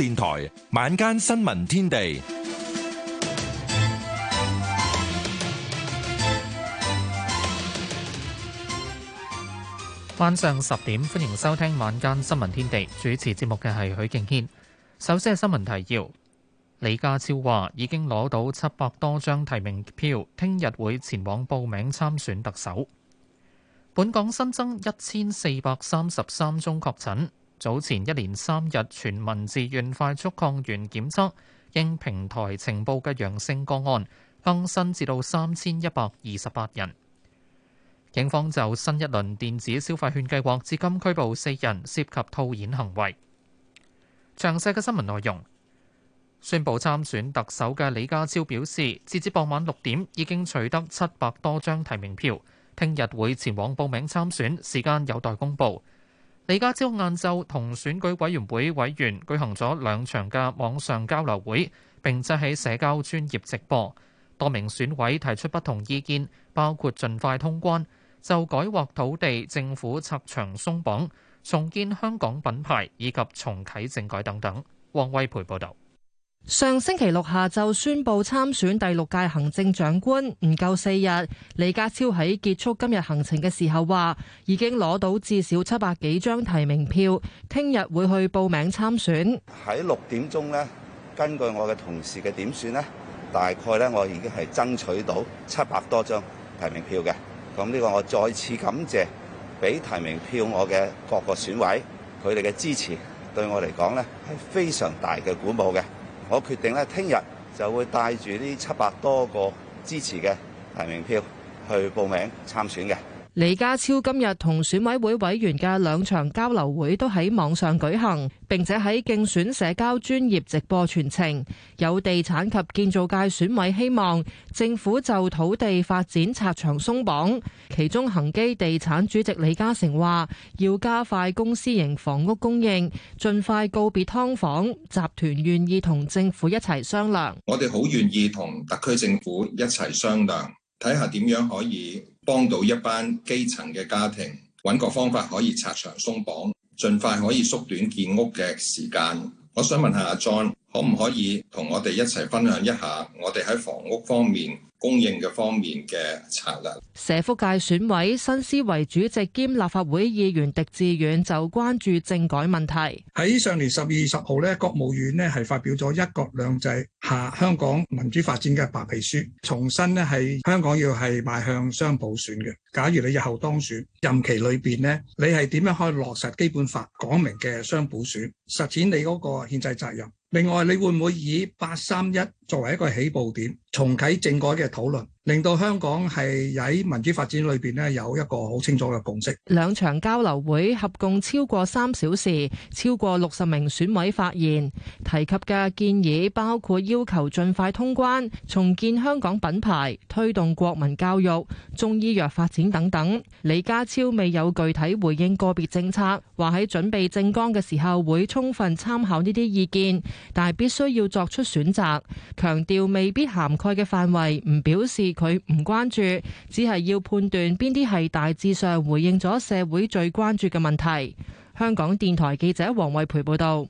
電台晚間新聞天地，晚上十點，歡迎收聽晚間新聞天地。主持節目嘅係許敬軒。首先係新聞提要：李家超話已經攞到七百多張提名票，聽日會前往報名參選特首。本港新增一千四百三十三宗確診。早前一連三日全民自願快速抗原檢測，應平台呈報嘅陽性個案更新至到三千一百二十八人。警方就新一輪電子消費券計劃，至今拘捕四人，涉及套現行為。詳細嘅新聞內容，宣布參選特首嘅李家超表示，截至傍晚六點已經取得七百多張提名票，聽日會前往報名參選，時間有待公佈。李家超晏晝同選舉委員會委員舉行咗兩場嘅網上交流會，並且喺社交專業直播。多名選委提出不同意見，包括盡快通關、就改劃土地、政府拆牆鬆綁、重建香港品牌以及重啟政改等等。汪威培報導。上星期六下晝宣布參選第六屆行政長官，唔夠四日。李家超喺結束今日行程嘅時候話，已經攞到至少七百幾張提名票，聽日會去報名參選。喺六點鐘呢，根據我嘅同事嘅點算呢大概呢，我已經係爭取到七百多張提名票嘅。咁呢個我再次感謝俾提名票我嘅各個選委佢哋嘅支持，對我嚟講呢係非常大嘅鼓舞嘅。我決定咧，聽日就會帶住呢七百多個支持嘅提名票去報名參選嘅。李家超今日同選委會委員嘅兩場交流會都喺網上舉行，並且喺競選社交專頁直播全程。有地產及建造界選委希望政府就土地發展拆牆鬆綁，其中恒基地產主席李嘉誠話：要加快公私營房屋供應，盡快告別劏房。集團願意同政府一齊商量。我哋好願意同特區政府一齊商量。睇下點樣可以幫到一班基層嘅家庭，揾個方法可以拆牆鬆綁，盡快可以縮短建屋嘅時間。我想問下阿 John，可唔可以同我哋一齊分享一下我哋喺房屋方面供應嘅方面嘅策略。社福界選委、新思維主席兼立法會議員狄志遠就關注政改問題。喺上年十二月十號咧，國務院咧係發表咗一國兩制下香港民主發展嘅白皮書，重申咧係香港要係邁向雙普選嘅。假如你日後當選任期裏邊咧，你係點樣可以落實基本法講明嘅雙普選，實踐你嗰個憲制責任？另外，你會唔會以八三一作為一個起步點，重啟政改嘅討論？令到香港係喺民主發展裏邊咧有一個好清楚嘅共識。兩場交流會合共超過三小時，超過六十名選委發言，提及嘅建議包括要求盡快通關、重建香港品牌、推動國民教育、中醫藥發展等等。李家超未有具體回應個別政策，話喺準備政綱嘅時候會充分參考呢啲意見，但係必須要作出選擇，強調未必涵蓋嘅範圍，唔表示。佢唔關注，只係要判斷邊啲係大致上回應咗社會最關注嘅問題。香港電台記者黃慧培報道：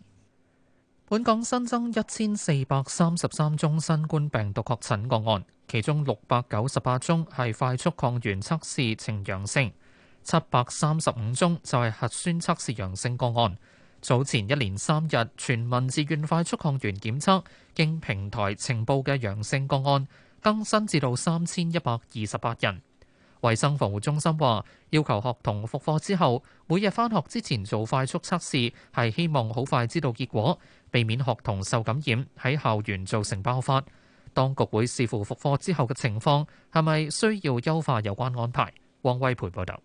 本港新增一千四百三十三宗新冠病毒確診個案，其中六百九十八宗係快速抗原測試呈陽性，七百三十五宗就係核酸測試陽性個案。早前一連三日全民自願快速抗原檢測，經平台情報嘅陽性個案。更新至到三千一百二十八人。衛生防務中心話，要求學童復課之後，每日返學之前做快速測試，係希望好快知道結果，避免學童受感染喺校園造成爆發。當局會視乎復課之後嘅情況，係咪需要優化有關安排。王威培報道。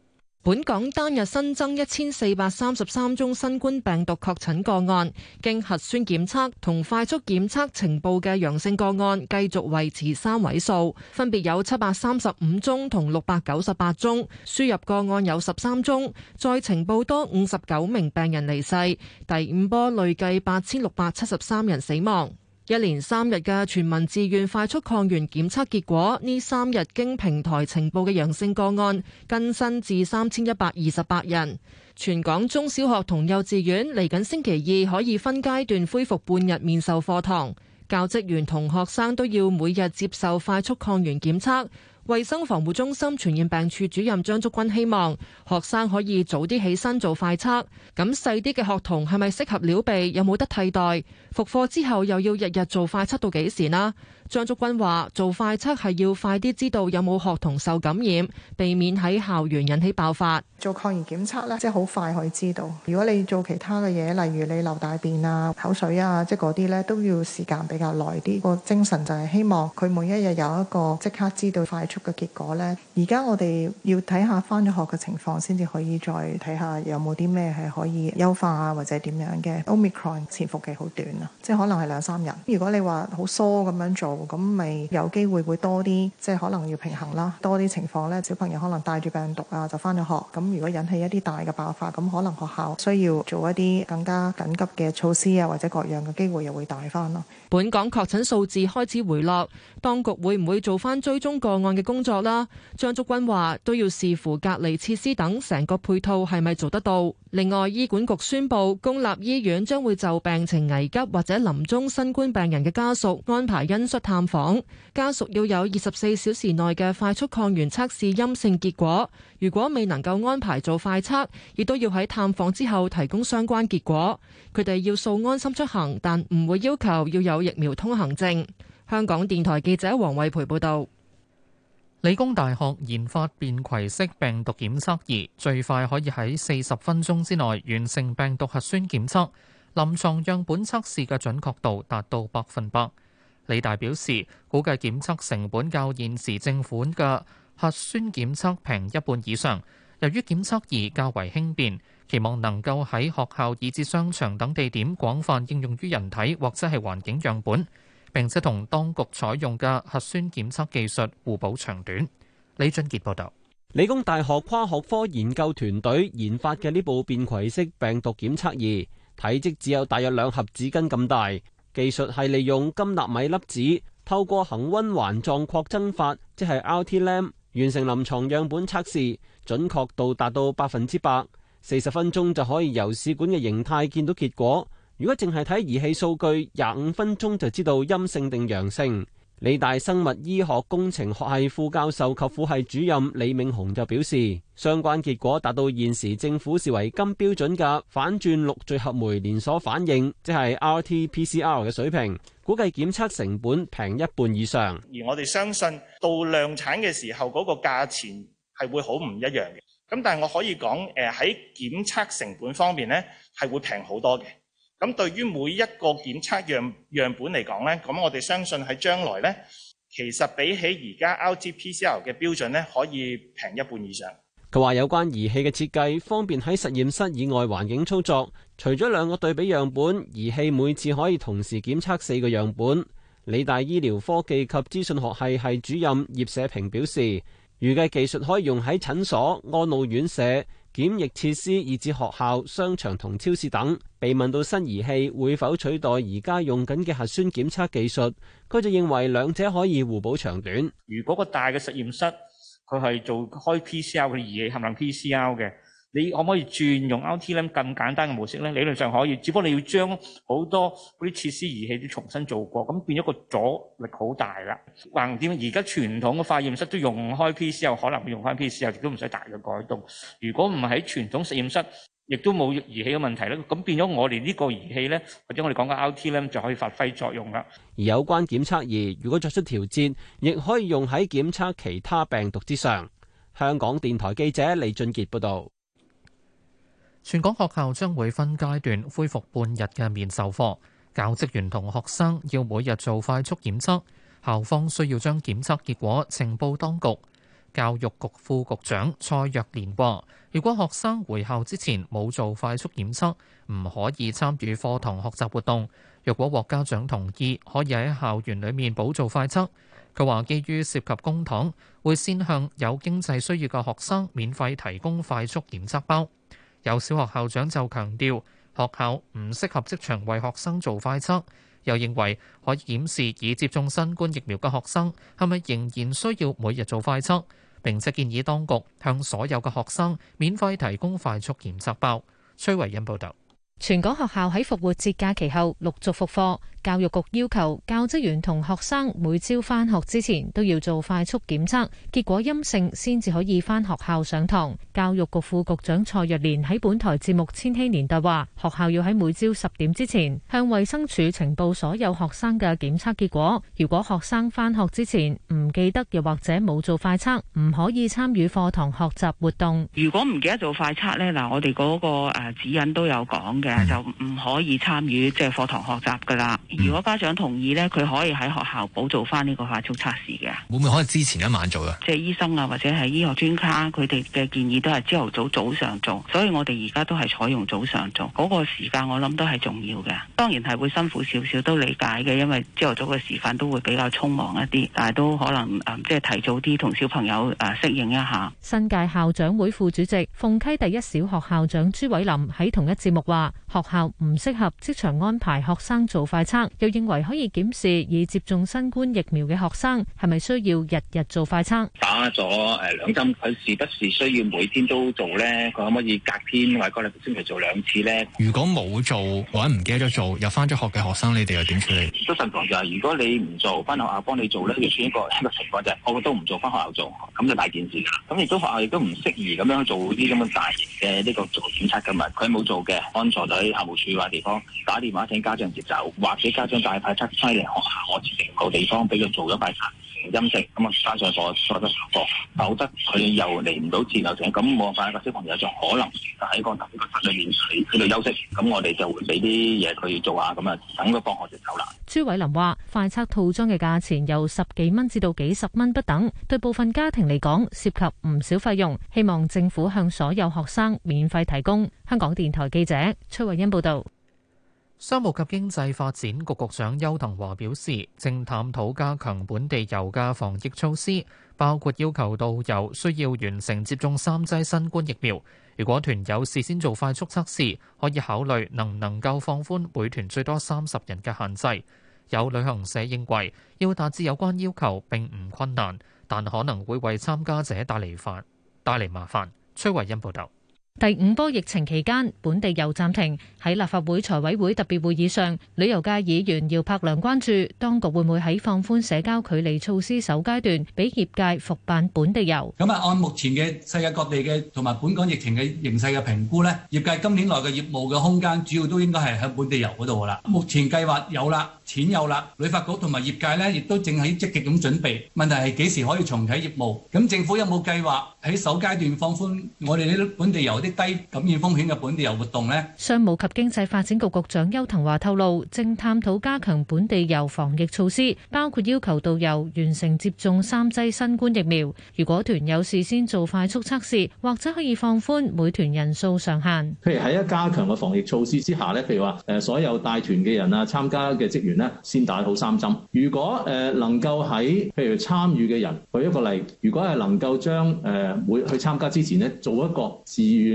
本港單日新增一千四百三十三宗新冠病毒確診個案，經核酸檢測同快速檢測呈報嘅陽性個案繼續維持三位數，分別有七百三十五宗同六百九十八宗。輸入個案有十三宗，再呈報多五十九名病人離世。第五波累計八千六百七十三人死亡。一連三日嘅全民自願快速抗原檢測結果，呢三日經平台呈報嘅陽性個案更新至三千一百二十八人。全港中小學同幼稚園嚟緊星期二可以分階段恢復半日面授課堂，教職員同學生都要每日接受快速抗原檢測。衛生防護中心傳染病處主任張竹君希望學生可以早啲起身做快測，咁細啲嘅學童係咪適合撩鼻？有冇得替代？復課之後又要日日做快測到幾時呢？張竹君話：做快測係要快啲知道有冇學童受感染，避免喺校園引起爆發。做抗原檢測咧，即係好快可以知道。如果你做其他嘅嘢，例如你留大便啊、口水啊，即係嗰啲咧，都要時間比較耐啲。個精神就係希望佢每一日有一個即刻知道快速嘅結果咧。而家我哋要睇下返咗學嘅情況，先至可以再睇下有冇啲咩係可以優化啊，或者點樣嘅。Omicron 潛伏期好短啊，即係可能係兩三日。如果你話好疏咁樣做。咁咪有機會會多啲，即係可能要平衡啦，多啲情況咧，小朋友可能帶住病毒啊就返咗學。咁如果引起一啲大嘅爆發，咁可能學校需要做一啲更加緊急嘅措施啊，或者各樣嘅機會又會大返咯。本港確診數字開始回落，當局會唔會做翻追蹤個案嘅工作啦？張竹君話都要視乎隔離設施等成個配套係咪做得到。另外，醫管局宣布公立醫院將會就病情危急或者臨終新冠病人嘅家屬安排恩恤探訪，家屬要有二十四小時內嘅快速抗原測試陰性結果。如果未能夠安排做快測，亦都要喺探訪之後提供相關結果。佢哋要掃安心出行，但唔會要求要有疫苗通行證。香港電台記者黃惠培報導。理工大學研發便攜式病毒檢測儀，最快可以喺四十分鐘之內完成病毒核酸檢測，臨床樣本測試嘅準確度達到百分百。理大表示，估計檢測成本較現時政府嘅核酸檢測平一半以上，由於檢測儀較為輕便，期望能夠喺學校以至商場等地點廣泛應用於人體或者係環境樣本，並且同當局採用嘅核酸檢測技術互補長短。李俊傑報導，理工大學跨學科研究團隊研發嘅呢部便攜式病毒檢測儀，體積只有大約兩盒紙巾咁大，技術係利用金納米粒子透過恒溫環狀擴增法，即係 RT-LAMP 完成臨床樣本測試，準確度達到百分之百，四十分鐘就可以由試管嘅形態見到結果。如果淨係睇儀器數據，廿五分鐘就知道陰性定陽性。理大生物醫學工程學系副教授及副系主任李明雄就表示，相關結果達到現時政府視為金標準嘅反轉錄聚合酶連鎖反應，即係 RT-PCR 嘅水平，估計檢測成本平一半以上。而我哋相信到量產嘅時候，嗰個價錢係會好唔一樣嘅。咁但係我可以講，誒喺檢測成本方面呢，係會平好多嘅。咁對於每一個檢測樣樣本嚟講呢，咁我哋相信喺將來呢，其實比起而家 RT-PCR 嘅標準呢，可以平一半以上。佢話有關儀器嘅設計，方便喺實驗室以外環境操作。除咗兩個對比樣本，儀器每次可以同時檢測四個樣本。理大醫療科技及資訊學系系主任葉社平表示，預計技術可以用喺診所、安老院舍。檢疫設施以至學校、商場同超市等。被問到新儀器會否取代而家用緊嘅核酸檢測技術，佢就認為兩者可以互補長短。如果個大嘅實驗室佢係做開 PCR 嘅儀器，含冇 PCR 嘅。你可唔可以轉用 L.T. 咧？咁簡單嘅模式呢，理論上可以，只不過你要將好多嗰啲設施儀器都重新做過，咁變咗個阻力好大啦。橫掂而家傳統嘅化驗室都用開 P.C.R.，可能會用翻 P.C.R.，亦都唔使大嘅改動。如果唔係喺傳統實驗室，亦都冇儀器嘅問題咧，咁變咗我哋呢個儀器咧，或者我哋講緊 L.T. 咧，就可以發揮作用啦。而有關檢測儀，如果作出調節，亦可以用喺檢測其他病毒之上。香港電台記者李俊傑報導。全港學校將會分階段恢復半日嘅面授課，教職員同學生要每日做快速檢測，校方需要將檢測結果呈報當局。教育局副局長蔡若蓮話，如果學生回校之前冇做快速檢測，唔可以參與課堂學習活動。若果獲家長同意，可以喺校園裡面補做快測。佢話，基於涉及公帑，會先向有經濟需要嘅學生免費提供快速檢測包。有小學校長就強調，學校唔適合即場為學生做快測，又認為可以檢視已接種新冠疫苗嘅學生係咪仍然需要每日做快測，並且建議當局向所有嘅學生免費提供快速檢測包。崔維恩報道，全港學校喺復活節假期後陸續復課。教育局要求教職員同學生每朝翻學之前都要做快速檢測，結果陰性先至可以翻學校上堂。教育局副局長蔡若蓮喺本台節目《千禧年代》話，學校要喺每朝十點之前向衛生署呈報所有學生嘅檢測結果。如果學生翻學之前唔記得又或者冇做快測，唔可以參與課堂學習活動。如果唔記得做快測咧，嗱，我哋嗰個誒指引都有講嘅，就唔可以參與即係課堂學習噶啦。如果家長同意呢佢可以喺學校補做翻呢個快速測試嘅。會唔會可能之前一晚做啊？即係醫生啊，或者係醫學專家，佢哋嘅建議都係朝頭早早上做，所以我哋而家都係採用早上做嗰個時間。我諗都係重要嘅。當然係會辛苦少少，都理解嘅，因為朝頭早嘅時分都會比較匆忙一啲，但係都可能、呃、即係提早啲同小朋友誒、呃、適應一下。新界校長會副主席鳳溪第一小學校長朱偉林喺同一節目話：學校唔適合即場安排學生做快餐。又認為可以檢視已接種新冠疫苗嘅學生係咪需要日日做快測？打咗誒兩針，佢是不是需要每天都做咧？佢可唔可以隔天或者隔兩星期做兩次咧？如果冇做或者唔記得咗做又翻咗學嘅學生，你哋又點處理？都認同就係，如果你唔做，翻學校幫你做咧，亦算一個一個情況就係，我都唔做，翻學校做咁就大件事。咁亦都學校亦都唔適宜咁樣做啲咁嘅大型嘅呢個做檢測嘅物。佢冇做嘅，安坐在喺校務處或者地方打電話請家長接走，或者。家長帶快測劑嚟學校，我指定個地方俾佢做咗快測陰性，咁啊加上我做得合格，否則佢又嚟唔到前頭。咁冇辦法一個小朋友就可能就喺個特別個測劑邊死喺度休息。咁我哋就會俾啲嘢佢做下，咁啊等佢放學就走啦。朱偉林話：快測套裝嘅價錢由十幾蚊至到幾十蚊不等，對部分家庭嚟講涉及唔少費用。希望政府向所有學生免費提供。香港電台記者崔慧欣報道。商務及經濟發展局局長邱騰華表示，正探討加強本地遊價防疫措施，包括要求導遊需要完成接種三劑新冠疫苗。如果團友事先做快速測試，可以考慮能唔能夠放寬每團最多三十人嘅限制。有旅行社認為，要達至有關要求並唔困難，但可能會為參加者帶嚟煩，帶嚟麻煩。崔慧欣報道。第五波疫情期間，本地遊暫停。喺立法會財委會特別會議上，旅遊界議員姚柏良關注當局會唔會喺放寬社交距離措施首階段，俾業界復辦本地遊。咁啊，按目前嘅世界各地嘅同埋本港疫情嘅形勢嘅評估呢？業界今年來嘅業務嘅空間，主要都應該係喺本地遊嗰度啦。目前計劃有啦，錢有啦，旅發局同埋業界呢亦都正喺積極咁準備。問題係幾時可以重啟業務？咁政府有冇計劃喺首階段放寬我哋呢啲本地遊？啲低感染風險嘅本地遊活動咧，商務及經濟發展局局長邱騰華透露，正探討加強本地遊防疫措施，包括要求導遊完成接種三劑新冠疫苗。如果團友事先做快速測試，或者可以放寬每團人數上限。譬如喺一加強嘅防疫措施之下咧，譬如話誒所有帶團嘅人啊，參加嘅職員咧，先打好三針。如果誒能夠喺譬如參與嘅人，舉一個例，如果係能夠將誒每去參加之前咧做一個自願。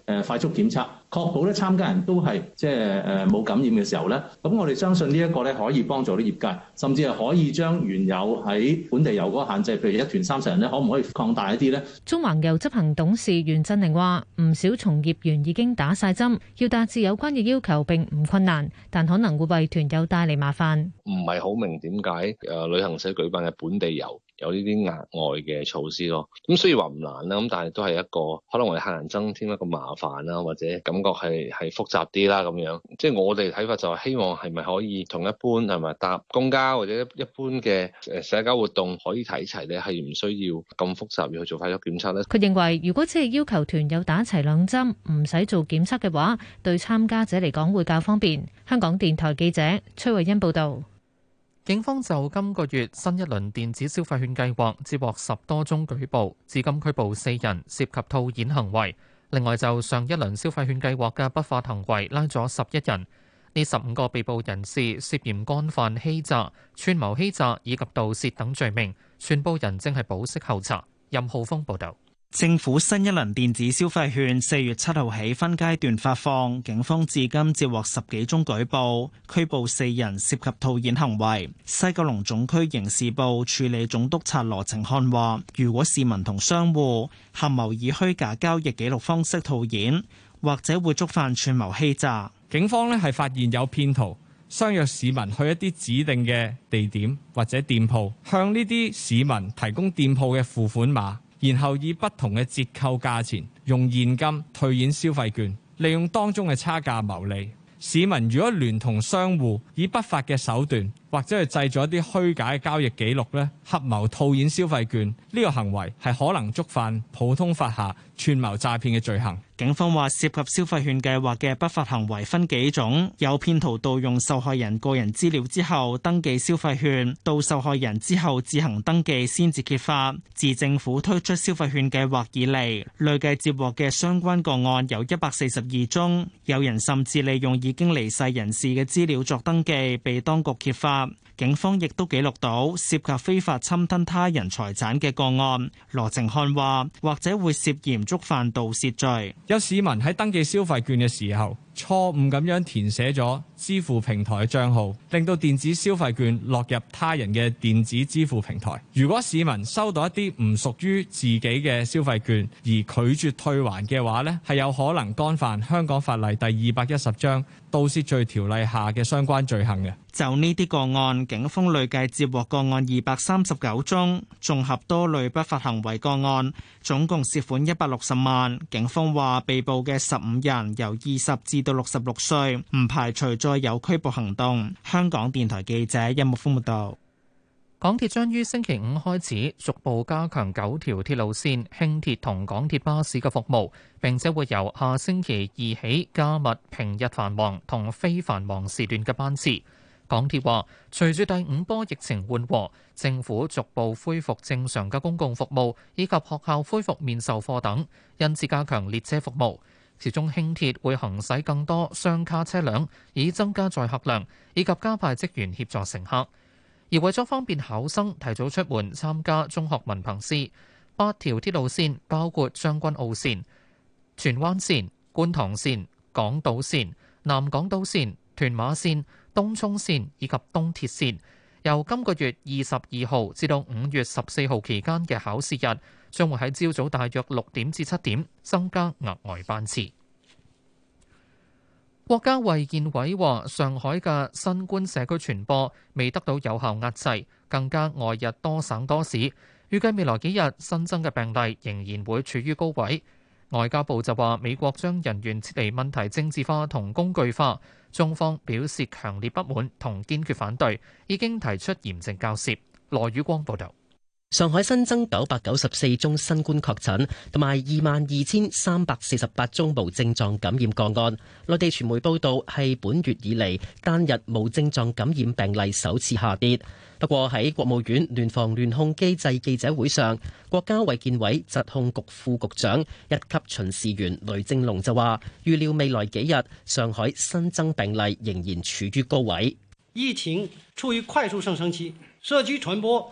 誒快速檢測，確保咧參加人都係即係誒冇感染嘅時候咧，咁我哋相信呢一個咧，可以幫助啲業界，甚至係可以將原有喺本地遊嗰個限制，譬如一團三十人咧，可唔可以擴大一啲咧？中環遊執行董事袁振寧話：唔少從業員已經打晒針，要達至有關嘅要求並唔困難，但可能會為團友帶嚟麻煩。唔係好明點解誒旅行社舉辦嘅本地遊有呢啲額外嘅措施咯？咁雖然話唔難啦，咁但係都係一個可能為客人增添一個麻煩。煩啦，或者感覺係係複雜啲啦咁樣，即係我哋睇法就係希望係咪可以同一般係咪搭公交或者一般嘅誒社交活動可以睇齊咧，係唔需要咁複雜要去做快速檢測呢？佢認為如果只係要求團友打齊兩針，唔使做檢測嘅話，對參加者嚟講會較方便。香港電台記者崔慧欣報道。警方就今個月新一輪電子消費券計劃接獲十多宗舉報，至今拘捕四人涉及套現行為。另外，就上一輪消費券計劃嘅不法行為，拉咗十一人。呢十五個被捕人士涉嫌干犯欺詐、串謀欺詐以及盜竊等罪名，全部人正係保釋候查。任浩峰報道。政府新一輪電子消費券四月七號起分階段發放，警方至今接獲十幾宗舉報，拘捕四人涉及套現行為。西九龍總區刑事部處理總督察羅程漢話，如果市民同商戶合謀以虛假交易記錄方式套現，或者會觸犯串謀欺詐。警方咧係發現有騙徒相約市民去一啲指定嘅地點或者店鋪，向呢啲市民提供店鋪嘅付款碼。然後以不同嘅折扣價錢，用現金退現消費券，利用當中嘅差價牟利。市民如果聯同商戶，以不法嘅手段，或者係製造一啲虛假交易記錄呢，合謀套現消費券，呢個行為係可能觸犯普通法下串謀詐騙嘅罪行。警方話涉及消費券計劃嘅不法行為分幾種，有騙徒盜用受害人個人資料之後登記消費券，到受害人之後自行登記先至揭發。自政府推出消費券計劃以嚟，累計接獲嘅相關個案有一百四十二宗，有人甚至利用已經離世人士嘅資料作登記，被當局揭發。警方亦都記錄到涉及非法侵吞他人財產嘅個案。羅靜漢話，或者會涉嫌觸犯盜竊罪。有市民喺登記消費券嘅時候，錯誤咁樣填寫咗支付平台嘅帳號，令到電子消費券落入他人嘅電子支付平台。如果市民收到一啲唔屬於自己嘅消費券，而拒絕退還嘅話，呢係有可能干犯香港法例第二百一十章盜竊罪條例下嘅相關罪行嘅。就呢啲個案，警方累計接獲個案二百三十九宗，綜合多類不法行為個案，總共涉款一百六十萬。警方話被捕嘅十五人由二十至二十到六十六歲，唔排除再有拘捕行動。香港電台記者任木峯報道。港鐵將於星期五開始逐步加強九條鐵路線、輕鐵同港鐵巴士嘅服務，並且會由下星期二起加密平日繁忙同非繁忙時段嘅班次。港鐵話，隨住第五波疫情緩和，政府逐步恢復正常嘅公共服務，以及學校恢復面授課等，因此加強列車服務。其中輕鐵會行駛更多雙卡車輛，以增加載客量，以及加派職員協助乘客。而為咗方便考生提早出門參加中學文憑試，八條鐵路線包括將軍澳線、荃灣線、觀塘線、港島線、南港島線、屯馬線、東涌線以及東鐵線，由今個月二十二號至到五月十四號期間嘅考試日，將會喺朝早，早大約六點至七點增加額外班次。國家衛健委話，上海嘅新冠社區傳播未得到有效壓制，更加外日多省多市，預計未來幾日新增嘅病例仍然會處於高位。外交部就話，美國將人員撤離問題政治化同工具化，中方表示強烈不滿同堅決反對，已經提出嚴正交涉。羅宇光報道。上海新增九百九十四宗新冠確診，同埋二萬二千三百四十八宗無症狀感染個案。內地傳媒報道係本月以嚟單日無症狀感染病例首次下跌。不過喺國務院聯防聯控機制記者會上，國家衛健委疾控局副局長、一級巡視員雷正龍就話：預料未來幾日上海新增病例仍然處於高位。疫情處於快速上升期，社區傳播。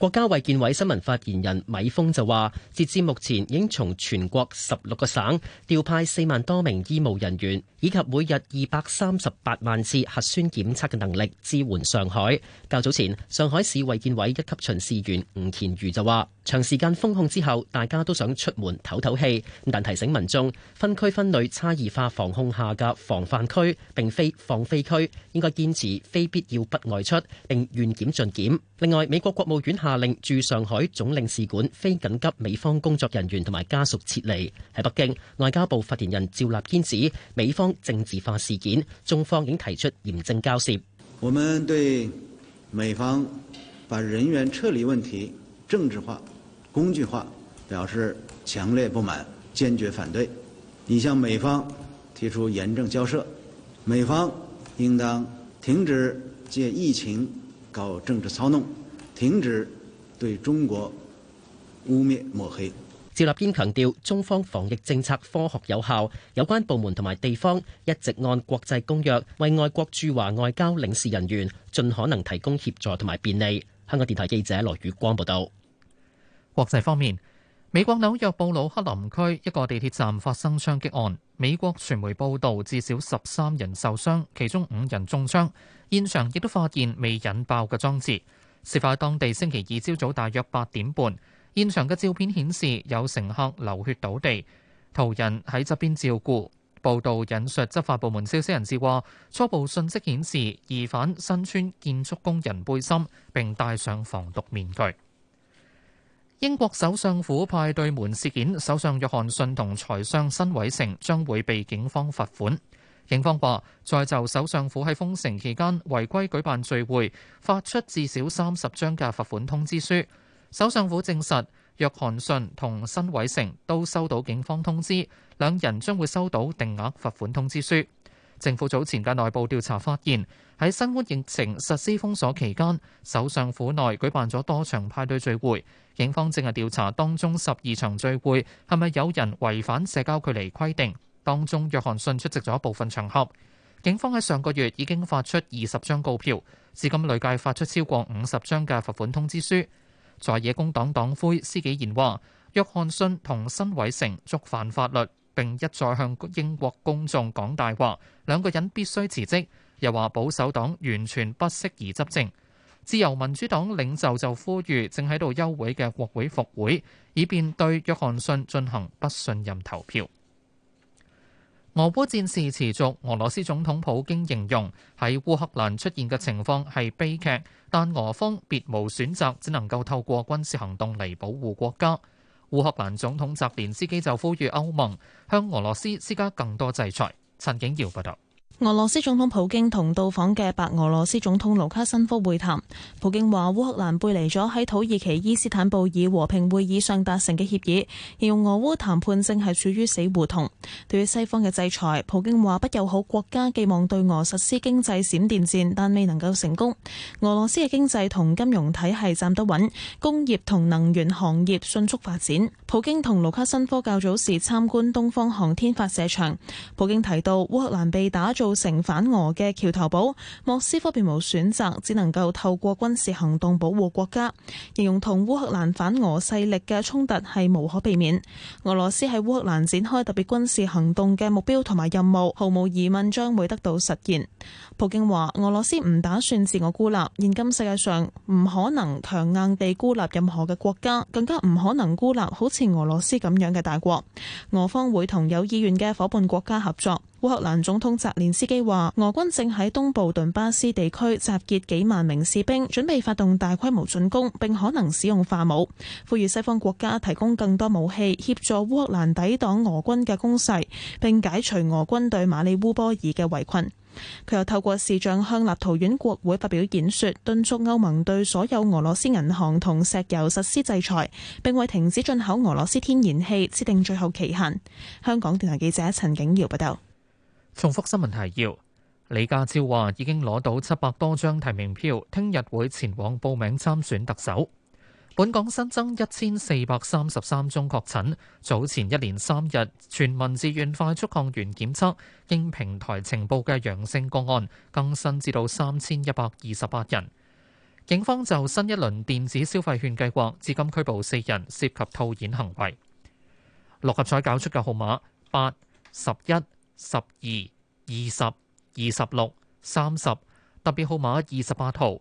國家衛健委新聞發言人米峰就話，截至目前，已經從全國十六個省調派四萬多名醫務人員，以及每日二百三十八萬次核酸檢測嘅能力支援上海。較早前，上海市衛健委一級巡視員吳乾渝就話，長時間封控之後，大家都想出門透透氣，但提醒民眾，分區分類差異化防控下嘅防範區，並非放飛區，應該堅持非必要不外出，並願檢盡檢。另外，美國國務院下令駐上海總領事館非緊急美方工作人員同埋家屬撤離。喺北京，外交部發言人趙立堅指，美方政治化事件，中方已經提出嚴正交涉。我們對美方把人員撤離問題政治化、工具化表示強烈不滿，堅決反對，已向美方提出嚴正交涉。美方應當停止借疫情。搞政治操弄，停止對中國污蔑抹黑。趙立堅強調，中方防疫政策科學有效，有關部門同埋地方一直按國際公約，為外國駐華外交領事人員盡可能提供協助同埋便利。香港電台記者羅宇光報道。國際方面。美國紐約布魯克林區一個地鐵站發生槍擊案，美國傳媒報道至少十三人受傷，其中五人中槍，現場亦都發現未引爆嘅裝置。事發當地星期二朝早大約八點半，現場嘅照片顯示有乘客流血倒地，途人喺側邊照顧。報道引述執法部門消息人士話，初步信息顯示疑犯身穿建築工人背心，並戴上防毒面具。英國首相府派對門事件，首相約翰遜同財相辛偉成將會被警方罰款。警方話，在就首相府喺封城期間違規舉辦聚會，發出至少三十張嘅罰款通知書。首相府證實，約翰遜同辛偉成都收到警方通知，兩人將會收到定額罰款通知書。政府早前嘅內部調查發現。喺新冠疫情實施封鎖期間，首相府內舉辦咗多場派對聚會。警方正係調查當中十二場聚會係咪有人違反社交距離規定。當中約翰遜出席咗部分場合。警方喺上個月已經發出二十張告票，至今累計發出超過五十張嘅罰款通知書。在野工黨黨魁施紀賢話：約翰遜同辛偉誠觸犯法律，並一再向英國公眾講大話，兩個人必須辭職。又話保守黨完全不適宜執政，自由民主黨領袖就呼籲正喺度休會嘅國會復會，以便對約翰遜進行不信任投票。俄烏戰事持續，俄羅斯總統普京形容喺烏克蘭出現嘅情況係悲劇，但俄方別無選擇，只能夠透過軍事行動嚟保護國家。烏克蘭總統澤連斯基就呼籲歐盟向俄羅斯施加更多制裁。陳景耀報道。俄羅斯總統普京同到訪嘅白俄羅斯總統盧卡申科會談。普京話烏克蘭背離咗喺土耳其伊斯坦布爾和平會議上達成嘅協議，形容俄烏談判正係處於死胡同。對於西方嘅制裁，普京話不友好國家寄望對俄實施經濟閃電戰，但未能夠成功。俄羅斯嘅經濟同金融體系站得穩，工業同能源行業迅速發展。普京同盧卡申科較早時參觀東方航天發射場。普京提到烏克蘭被打造造成反俄嘅橋頭堡，莫斯科並冇選擇，只能夠透過軍事行動保護國家。形容同烏克蘭反俄勢力嘅衝突係無可避免。俄羅斯喺烏克蘭展開特別軍事行動嘅目標同埋任務，毫無疑問將會得到實現。普京話：俄羅斯唔打算自我孤立，現今世界上唔可能強硬地孤立任何嘅國家，更加唔可能孤立好似俄羅斯咁樣嘅大國。俄方會同有意願嘅夥伴國家合作。烏克蘭總統澤連斯基話，俄軍正喺東部頓巴斯地區集結幾萬名士兵，準備發動大規模進攻，並可能使用化武。呼籲西方國家提供更多武器，協助烏克蘭抵擋俄軍嘅攻勢，並解除俄軍對馬里烏波爾嘅圍困。佢又透過視像向立陶宛國會發表演說，敦促歐盟對所有俄羅斯銀行同石油實施制裁，並為停止進口俄羅斯天然氣設定最後期限。香港電台記者陳景堯報道。重複新聞提要。李家超話已經攞到七百多張提名票，聽日會前往報名參選特首。本港新增一千四百三十三宗確診，早前一連三日全民自願快速抗原檢測，經平台呈報嘅陽性個案更新至到三千一百二十八人。警方就新一輪電子消費券計劃，至今拘捕四人涉及套現行為。六合彩攪出嘅號碼八十一。8, 11, 十二、二十、二十六、三十，特別號碼二十八號，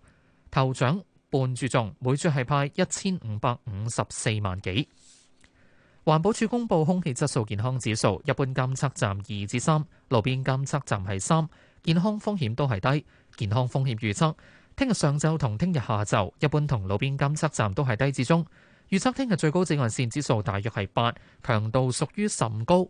頭獎半注中，每注係派一千五百五十四萬幾。環保署公布空氣質素健康指數，一般監測站二至三，路邊監測站係三，健康風險都係低。健康風險預測，聽日上晝同聽日下晝，一般同路邊監測站都係低至中。預測聽日最高紫外線指數大約係八，強度屬於甚高。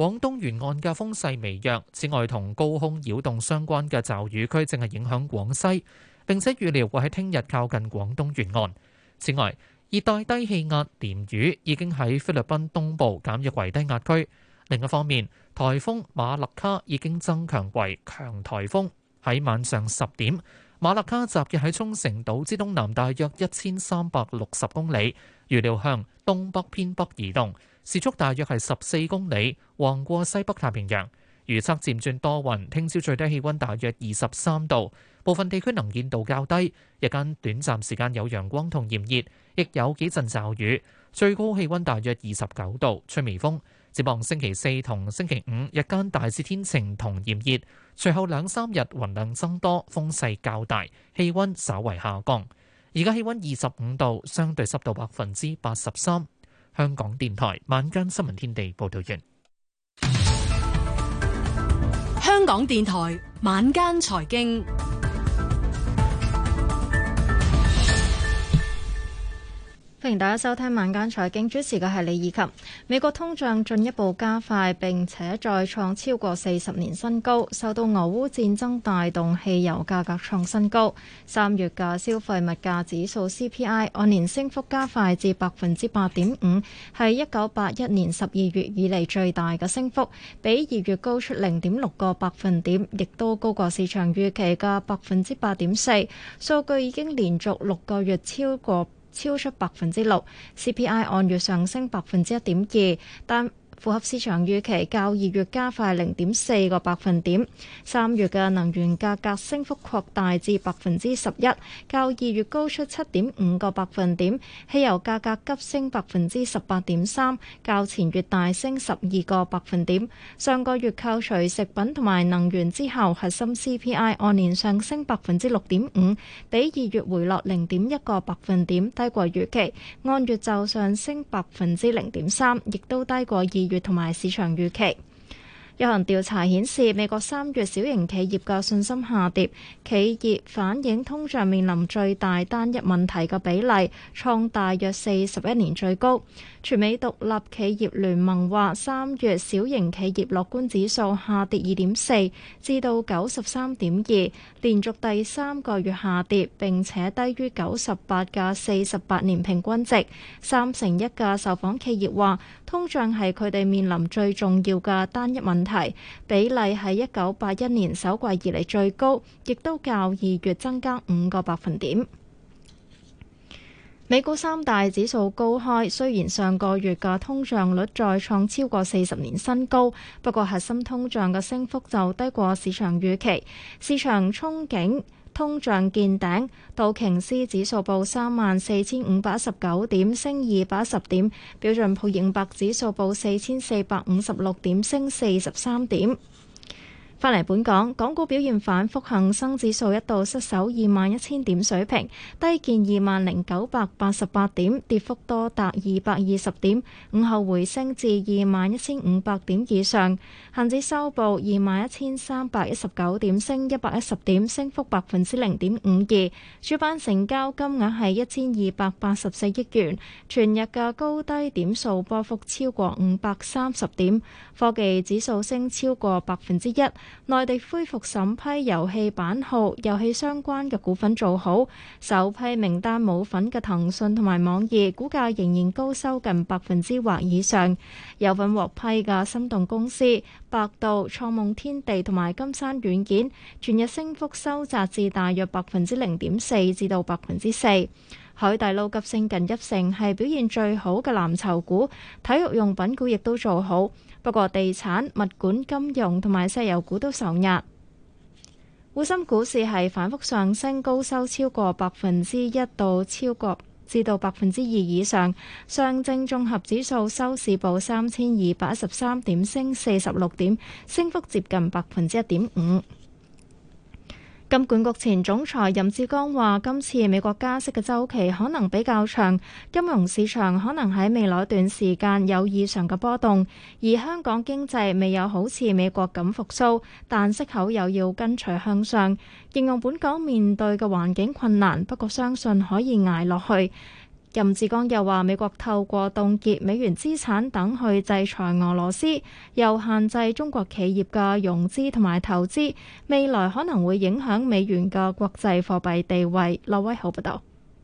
廣東沿岸嘅風勢微弱，此外同高空擾動相關嘅驟雨區正係影響廣西，並且預料會喺聽日靠近廣東沿岸。此外，熱帶低氣壓鯰魚已經喺菲律賓東部減弱為低壓區。另一方面，颱風馬勒卡已經增強為強颱風。喺晚上十點，馬勒卡集結喺沖繩島之東南大約一千三百六十公里，預料向東北偏北移動。時速大約係十四公里，橫過西北太平洋。預測漸轉多雲，聽朝最低氣溫大約二十三度，部分地區能見度較低。日間短暫時間有陽光同炎熱，亦有幾陣驟雨。最高氣溫大約二十九度，吹微風。展望星期四同星期五，日間大致天晴同炎熱，隨後兩三日雲量增多，風勢較大，氣溫稍為下降。而家氣溫二十五度，相對濕度百分之八十三。香港電台晚間新聞天地報道完。香港電台晚間財經。歡迎大家收聽晚間財經，主持嘅係李以琴。美國通脹進一步加快，並且再創超過四十年新高，受到俄烏戰爭帶動汽油價格創新高。三月嘅消費物價指數 CPI 按年升幅加快至百分之八點五，係一九八一年十二月以嚟最大嘅升幅，比二月高出零點六個百分點，亦都高過市場預期嘅百分之八點四。數據已經連續六個月超過。超出百分之六，CPI 按月上升百分之一點二，但……符合市場預期，較二月加快零點四個百分點。三月嘅能源價格升幅擴大至百分之十一，較二月高出七點五個百分點。汽油價格急升百分之十八點三，較前月大升十二個百分點。上個月扣除食品同埋能源之後，核心 CPI 按年上升百分之六點五，比二月回落零點一個百分點，低過預期。按月就上升百分之零點三，亦都低過二同埋市場預期。有人調查顯示，美國三月小型企業嘅信心下跌，企業反映通脹面臨最大單一問題嘅比例創大約四十一年最高。全美獨立企業聯盟話，三月小型企業樂觀指數下跌二點四，至到九十三點二，連續第三個月下跌並且低於九十八嘅四十八年平均值。三成一嘅受訪企業話，通脹係佢哋面臨最重要嘅單一問題。係比例喺一九八一年首季以嚟最高，亦都較二月增加五個百分點。美股三大指數高開，雖然上個月嘅通脹率再創超過四十年新高，不過核心通脹嘅升幅就低過市場預期，市場憧憬。通脹見頂，道瓊斯指數報三萬四千五百一十九點，升二百一十點；標準普爾五百指數報四千四百五十六點，升四十三點。翻嚟本港，港股表現反覆，恆生指數一度失守二萬一千點水平，低見二萬零九百八十八點，跌幅多達二百二十點，午後回升至二萬一千五百點以上，恆指收報二萬一千三百一十九點，升一百一十點，升幅百分之零點五二。主板成交金額係一千二百八十四億元，全日嘅高低點數波幅超過五百三十點。科技指數升超過百分之一。內地恢復審批遊戲版號，遊戲相關嘅股份做好。首批名單冇份嘅騰訊同埋網易，股價仍然高收近百分之或以上。有份獲批嘅心動公司、百度、創夢天地同埋金山軟件，全日升幅收窄至大約百分之零點四至到百分之四。海底撈急升近一成，係表現最好嘅藍籌股。體育用品股亦都做好。不過，地產、物管、金融同埋石油股都受壓。滬深股市係反覆上升，高收超過百分之一到超過至到百分之二以上。上證綜合指數收市報三千二百一十三點，升四十六點，升幅接近百分之一點五。金管局前總裁任志剛話，今次美國加息嘅週期可能比較長，金融市場可能喺未來一段時間有異常嘅波動。而香港經濟未有好似美國咁復蘇，但息口又要跟隨向上，形容本港面對嘅環境困難，不過相信可以挨落去。任志剛又話，美國透過凍結美元資產等去制裁俄羅斯，又限制中國企業嘅融資同埋投資，未來可能會影響美元嘅國際貨幣地位。劉威豪報道。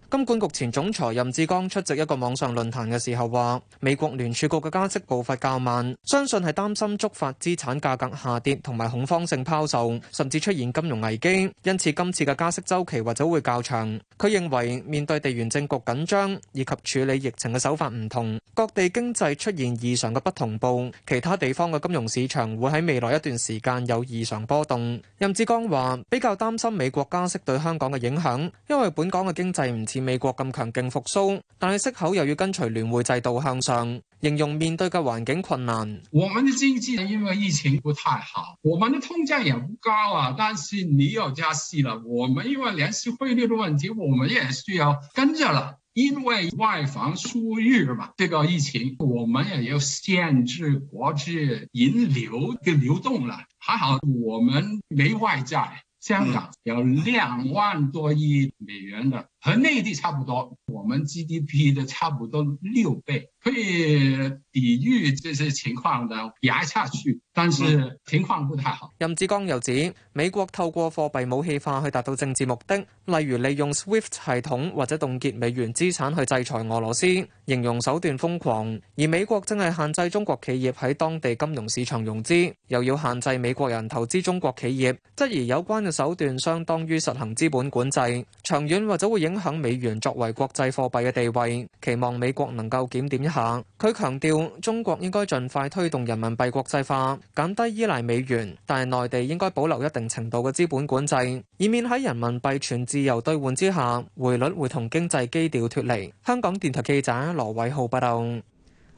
金管局前總裁任志剛出席一個網上論壇嘅時候話，美國聯儲局嘅加息步伐較慢，相信係擔心觸發資產價格下跌同埋恐慌性拋售，甚至出現金融危機。因此今次嘅加息周期或者會較長。佢認為面對地緣政局緊張以及處理疫情嘅手法唔同，各地經濟出現異常嘅不同步，其他地方嘅金融市場會喺未來一段時間有異常波動。任志剛話，比較擔心美國加息對香港嘅影響，因為本港嘅經濟唔。美國咁強勁復甦，但係息口又要跟隨聯匯制度向上，形容面對嘅環境困難。我們的經濟因為疫情不太好，我們的通脹也不高啊，但是你要加息了，我們因為聯繫匯率的問題，我們也需要跟着了，因為外防輸入嘛，這個疫情我們也要限制國際人流嘅流動啦。還好，好我們沒外債，香港有兩萬多億美元的。和內地差不多，我們 GDP 的，差不多六倍，可以抵御這些情況的壓下去，但是情況不太好。嗯、任志剛又指，美國透過貨幣武器化去達到政治目的，例如利用 SWIFT 系統或者凍結美元資產去制裁俄羅斯，形容手段瘋狂。而美國正係限制中國企業喺當地金融市場融資，又要限制美國人投資中國企業，質疑有關嘅手段相當於實行資本管制，長遠或者會影響。肯美元作為國際貨幣嘅地位，期望美國能夠檢點一下。佢強調，中國應該盡快推動人民幣國際化，減低依賴美元，但係內地應該保留一定程度嘅資本管制，以免喺人民幣全自由兌換之下，匯率會同經濟基調脱離。香港電台記者羅偉浩報道。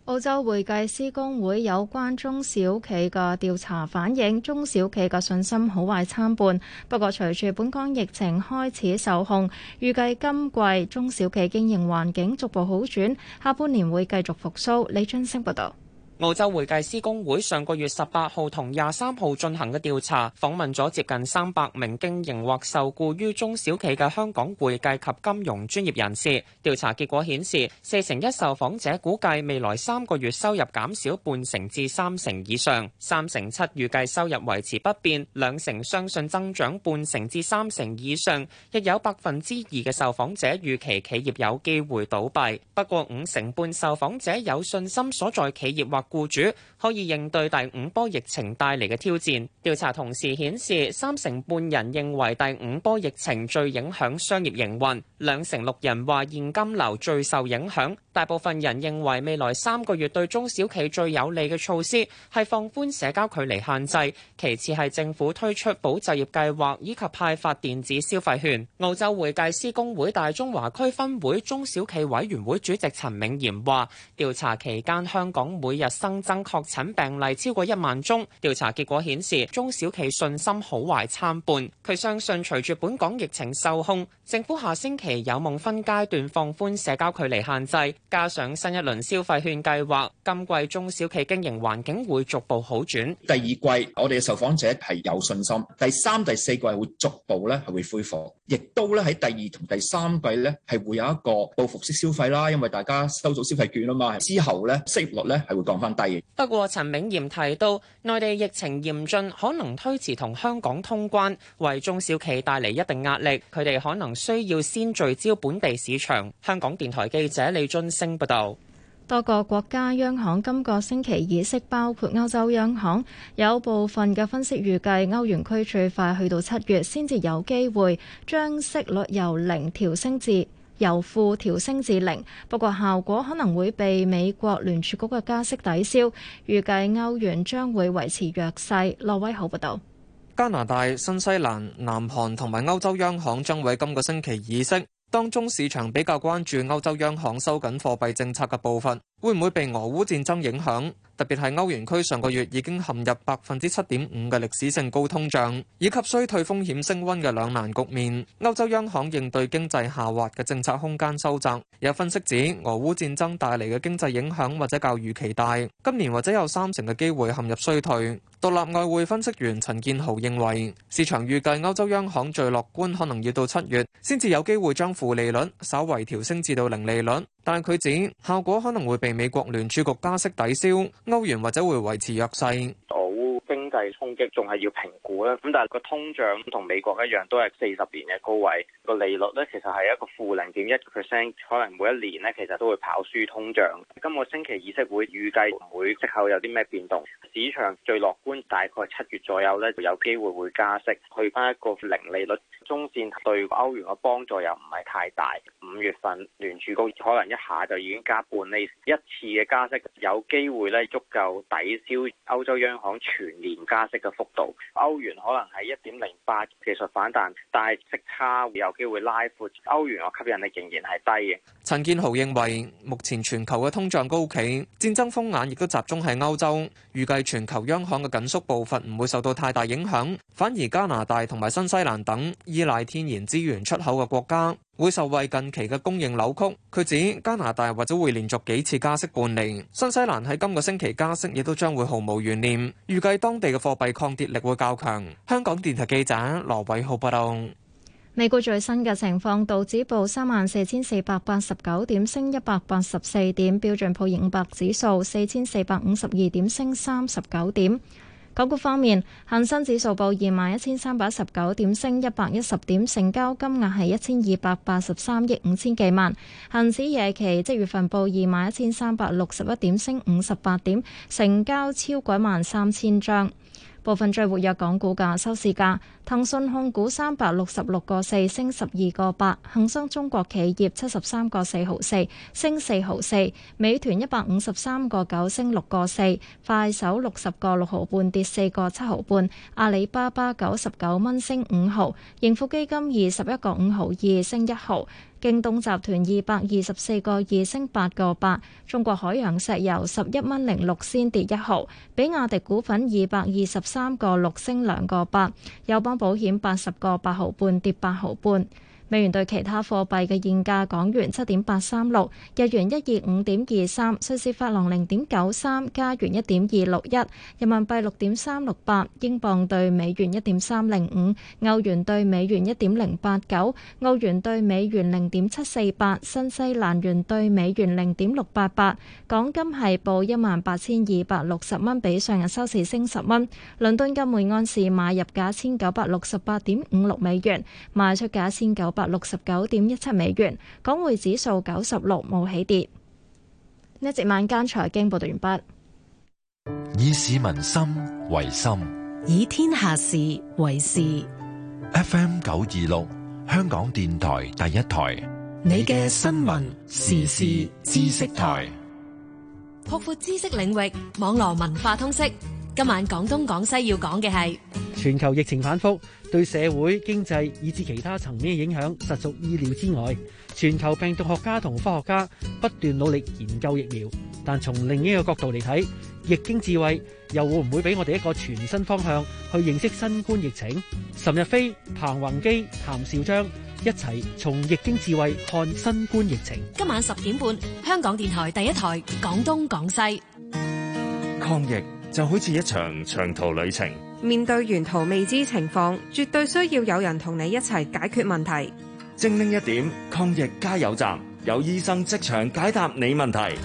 澳洲會計師公會有關中小企嘅調查反映，中小企嘅信心好壞參半。不過，隨住本港疫情開始受控，預計今季中小企經營環境逐步好轉，下半年會繼續復蘇。李津升報道。澳洲會計師公會上個月十八號同廿三號進行嘅調查，訪問咗接近三百名經營或受雇於中小企嘅香港會計及金融專業人士。調查結果顯示，四成一受訪者估計未來三個月收入減少半成至三成以上，三成七預計收入維持不變，兩成相信增長半成至三成以上，亦有百分之二嘅受訪者預期企業有機會倒閉。不過，五成半受訪者有信心所在企業或雇主可以應對第五波疫情帶嚟嘅挑戰。調查同時顯示，三成半人認為第五波疫情最影響商業營運，兩成六人話現金流最受影響。大部分人認為未來三個月對中小企最有利嘅措施係放寬社交距離限制，其次係政府推出保就業計劃以及派發電子消費券。澳洲會計師公會大中華區分會中小企委員會主席陳銘賢話，調查期間香港每日。新增確診病例超過一萬宗，調查結果顯示中小企信心好壞參半。佢相信隨住本港疫情受控，政府下星期有望分階段放寬社交距離限制，加上新一輪消費券計劃，今季中小企經營環境會逐步好轉。第二季我哋嘅受訪者係有信心，第三、第四季會逐步咧係會恢復，亦都咧喺第二同第三季咧係會有一個報復式消費啦，因為大家收咗消費券啊嘛。之後咧息率咧係會降翻。不過，陳炳炎提到，內地疫情嚴峻，可能推遲同香港通關，為中小企帶嚟一定壓力。佢哋可能需要先聚焦本地市場。香港電台記者李津升報導。多個國家央行今個星期議息，包括歐洲央行，有部分嘅分析預計歐元區最快去到七月先至有機會將息率由零調升至。由負調升至零，不過效果可能會被美國聯儲局嘅加息抵消。預計歐元將會維持弱勢，羅威浩報道。加拿大、新西蘭、南韓同埋歐洲央行將會今個星期議息，當中市場比較關注歐洲央行收緊貨幣政策嘅部分。會唔會被俄烏戰爭影響？特別係歐元區上個月已經陷入百分之七點五嘅歷史性高通脹，以及衰退風險升溫嘅兩難局面。歐洲央行應對經濟下滑嘅政策空間收窄。有分析指，俄烏戰爭帶嚟嘅經濟影響或者較預期大，今年或者有三成嘅機會陷入衰退。獨立外匯分析員陳建豪認為，市場預計歐洲央行最樂觀可能要到七月，先至有機會將負利率稍為調升至到零利率。但佢指效果可能會被美國聯儲局加息抵消，歐元或者會維持弱勢。經濟衝擊仲係要評估啦。咁但係個通脹同美國一樣都係四十年嘅高位，個利率咧其實係一個負零點一 percent，可能每一年咧其實都會跑輸通脹。今個星期議息會預計唔會息口有啲咩變動？市場最樂觀大概七月左右咧就有機會會加息，去翻一個零利率，中線對歐元嘅幫助又唔係太大。五月份聯儲局可能一下就已經加半厘，一次嘅加息有機會咧足夠抵消歐洲央行全年。加息嘅幅度，歐元可能係一點零八技術反彈，但係息差會有機會拉闊，歐元我吸引力仍然係低嘅。陳建豪認為，目前全球嘅通脹高企，戰爭風眼亦都集中喺歐洲，預計全球央行嘅緊縮步伐唔會受到太大影響，反而加拿大同埋新西蘭等依賴天然資源出口嘅國家。會受惠近期嘅供應扭曲，佢指加拿大或者會連續幾次加息半年。新西蘭喺今個星期加息，亦都將會毫無懸念，預計當地嘅貨幣抗跌力會較強。香港電台記者羅偉浩報道，不美國最新嘅情況，道指報三萬四千四百八十九點，升一百八十四點；標準普爾五百指數四千四百五十二點，升三十九點。港股方面，恒生指數報二萬一千三百一十九點，升一百一十點，成交金額係一千二百八十三億五千幾萬。恒指夜期即月份報二萬一千三百六十一點，升五十八點，成交超過萬三千張。部分最活躍港股價收市價：騰訊控股三百六十六個四，升十二個八；恒生中國企業七十三個四毫四，升四毫四；美團一百五十三個九，升六個四；快手六十個六毫半，跌四個七毫半；阿里巴巴九十九蚊，升五毫；盈富基金二十一個五毫二，升一毫。京東集團二百二十四個二，升八個八，中國海洋石油十一蚊零六先，跌一毫，比亞迪股份二百二十三個六，升兩個八，友邦保險八十個八毫半，跌八毫半。美元對其他貨幣嘅現價：港元七點八三六，日元一二五點二三，瑞士法郎零點九三，加元一點二六一，人民幣六點三六八，英鎊對美元一點三零五，歐元對美元一點零八九，澳元對美元零點七四八，新西蘭元對美元零點六八八。港金係報一萬八千二百六十蚊，比上日收市升十蚊。倫敦金每安士買入價一千九百六十八點五六美元，賣出價一千九百百六十九點一七美元，港匯指數九十六，冇起跌。呢一節晚間財經報道完畢。以市民心為心，以天下事為事。FM 九二六，香港電台第一台，你嘅新聞時事知識台，擴闊知識領域，網絡文化通識。今晚廣東廣西要講嘅係全球疫情反復對社會、經濟以至其他層面嘅影響，實屬意料之外。全球病毒學家同科學家不斷努力研究疫苗，但從另一個角度嚟睇，易經智慧又會唔會俾我哋一個全新方向去認識新冠疫情？岑日飛、彭宏基、譚兆章一齊從易經智慧看新冠疫情。今晚十點半，香港電台第一台廣東廣西抗疫。就好似一場長途旅程，面對沿途未知情況，絕對需要有人同你一齊解決問題。精靈一點抗疫加油站，有醫生即場解答你問題。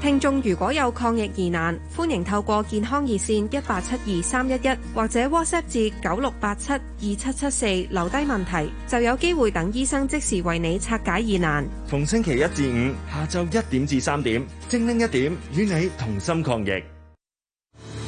聽眾如果有抗疫疑難，歡迎透過健康熱線一八七二三一一或者 WhatsApp 至九六八七二七七四留低問題，就有機會等醫生即時為你拆解疑難。逢星期一至五下晝一點至三點，精靈一點與你同心抗疫。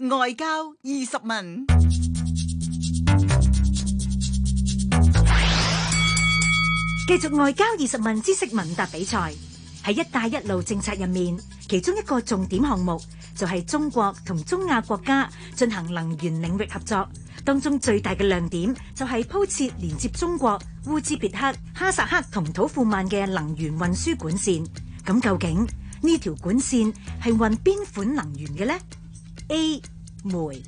外交二十問，繼續外交二十問知識問答比賽喺“一帶一路”政策入面，其中一個重點項目就係中國同中亞國家進行能源領域合作。當中最大嘅亮點就係鋪設連接中國、烏茲別克、哈薩克同土庫曼嘅能源運輸管線。咁究竟呢條管線係運邊款能源嘅呢？A 煤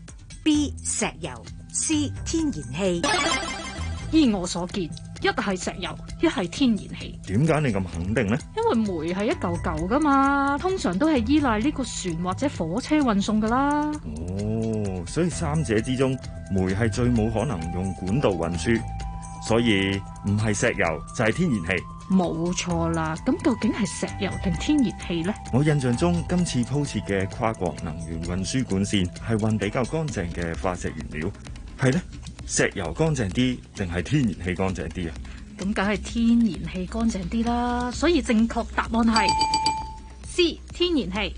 ，B 石油，C 天然氣。依我所見，一係石油，一係天然氣。點解你咁肯定呢？因為煤係一嚿嚿噶嘛，通常都係依賴呢個船或者火車運送噶啦。哦，所以三者之中，煤係最冇可能用管道運輸。所以唔係石油就係、是、天然氣，冇錯啦。咁究竟係石油定天然氣呢？我印象中今次鋪設嘅跨國能源運輸管線係運比較乾淨嘅化石原料，係呢？石油乾淨啲定係天然氣乾淨啲啊？咁梗係天然氣乾淨啲啦，所以正確答案係 C 天然氣。